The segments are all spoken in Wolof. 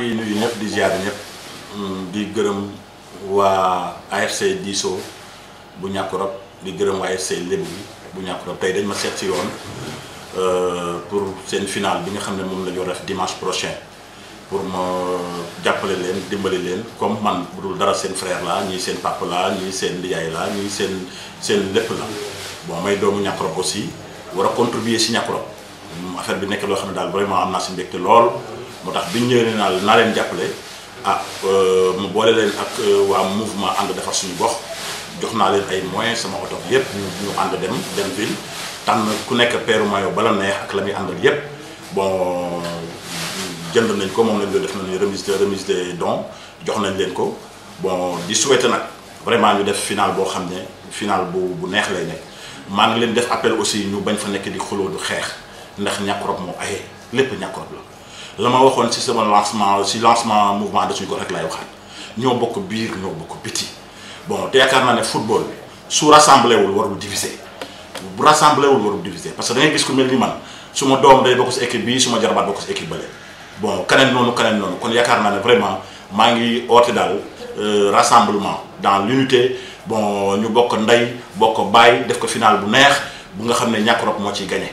ngi nuyu ñëpp di ziar ñëpp mm, di gërëm waa AFC Diso bu Niacoulrab di gërëm waa AFC bu Niacoulrab tey dañ ma seet si yoon euh, pour seen final bi nga xam ne moom la ñu war a def dimanche prochain pour ma jàppale leen dimbali leen comme man bu dul dara seen frère la ñii seen papa la ñii seen liyaay la ñii seen seen lépp la bon may doomu Niacoulrab aussi war a contribuer si Niacoulrab mm, affaire bi nekk loo xam ne daal vraiment am naa si mbégte lool. motax tax bi ñu ñëwee leen jappalé ah euh mu boole leen ak euh, wa mouvement and defar suñu gox jox naa leen ay moyens sama auto yépp ñu and dem dem ville tan ku nekk peeru mayo bala neex ak lamuy andal yépp bon jënd nañ ko moom lañ doon def nañ remise de remise des dons jox nañ leen ko bon di souhaiter nak vraiment ñu def final bo xamné final bu bu neex lay nekk maa ngi leen def appel aussi ñu bañ fa nekk di xuloo du xeex ndax ñàkk rob moo aye lépp ñàkk rob la la ma waxoon ci sama lancement ci lancement mouvement de suñu ko rek lay waxaat ñoo bokk biir ñoo bokk biti bon te yaakaar naa ne football bi su rassemblé wul waru diviser bu rassemblé wul waru diviser parce que da ngay gis ku mel ni man suma ma doom day bokk ci équipe bi suma ma jarbaat bokk ci équipe bële bon keneen nonu keneen nonu kon yaakaar naa ne vraiment ma ngi oote daal euh, rassemblement dans l'unité bon ñu bokk nday bokk bay def ko final bu neex bu nga xamné ñak rop mo ci gagner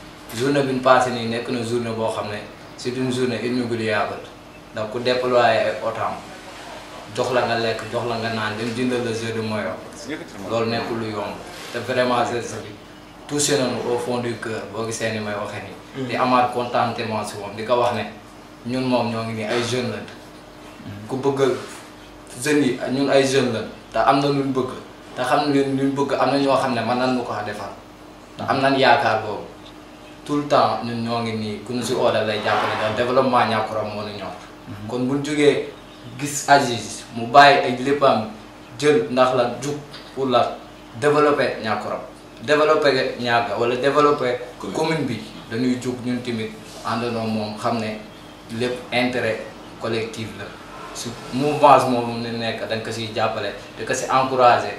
journée bi ñu passé nii nekk na journée boo xam ne c'est une journée inoubliable ndax ku déployé ay otam jox la nga lekk jox la nga naan dem jëndal la jeu de maillot loolu nekkul lu yomb te vraiment c'est bi touché nañu au fond du cœur boo gisee ni may waxee nii. Mm. di amaat contentement si moom di ko wax ne ñun moom ñoo ngi nii ay jeunes lañ ku bëgg jeunes yi ñun ay jeunes lañ te am na lu bëgg te xam ne lu ñu bëgg am na ñoo xam ne mën nañu ko defal te am nañu yaakaar tout le temps ñun ñoo ngi nii ku ñu si oolal lay jàppale ndax développement Niakoul moo ñu ñor. kon bu ñu jógee gis Aziz mu bàyyi ay léppam jël ndax la jug pour la développer Niakoul développer Niaga wala développer commune bi dañuy jug ñun tamit àndandoo moom xam ne lépp intérêt collectif la su mouvement moom ni nekk dañ ko siy jàppale da ko si encouragé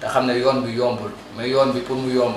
te xam ne yoon bi yombul mais yoon bi pour mu yomb.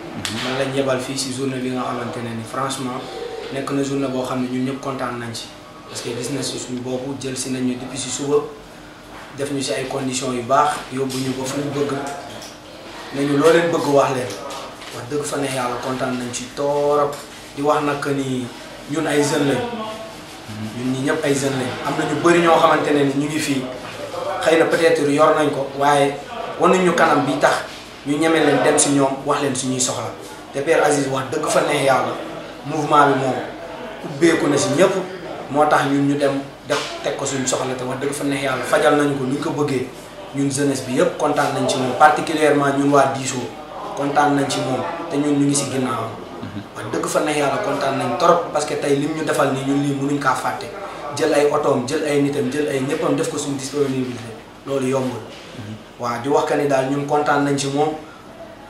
man lañ yebal fii si journée bi nga xamante ne ni franchement nekk na journée boo xam ne ñun ñëpp kontaan nañ si parce que gis na si suñu boobu jël si nañu depuis si suba def ñu si ay conditions yu baax yóbbu ñu ba fu ñu bëgg nañu loo leen bëgg wax leen wax dëgg fa ne yàlla kontaan nañ ci torop di wax nag ni ñun ay jeunes lañ ñun ñi ñëpp ay jeunes lañ am na ñu bëri ñoo xamante ne ni ñu ngi fii xëy na peut-être yor nañ ko waaye wanuñu kanam bi tax ñu ñëmé leen dem ci ñom wax leen suñuy soxla té Père Aziz wax dëgg fa né yalla mouvement bi mom ubbé ko na ci ñëpp moo tax ñun ñu dem def tek ko suñu soxla té wax dëgg fa né yalla fajal nañ ko ñu ko bëggé ñun jeunesse bi yëpp contane nañ ci mom particulièrement ñun wa diso contane nañ ci mom té ñun ñu ngi ci ginnaw wax dëgg fa né yalla contane nañ torop parce que tay lim ñu defal ni ñun li mënuñ ka faté jël ay autom jël ay nitam jël ay ñëppam def ko suñu disponibilité loolu yombul. waaw di wax ka ni daal ñun kontaan nañ ci moom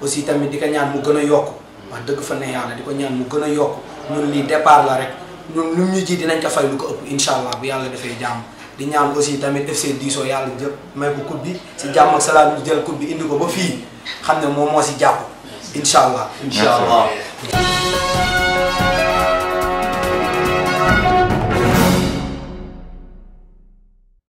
aussi tamit di ko ñaan mu gën a yokk wax dëgg fa ne yàlla di ko ñaan mu gën a yokk ñun lii départ la rek ñun lu ñu jii dinañ ko fay lu ko ëpp incha allah bu yàlla defee jàmm di ñaan aussi tamit FC Diso yàlla jël may bu coupe bi si jàmm ak salaam ñu jël coupe bi indi ko ba fii xam ne moom moo si jàpp incha allah. incha allah.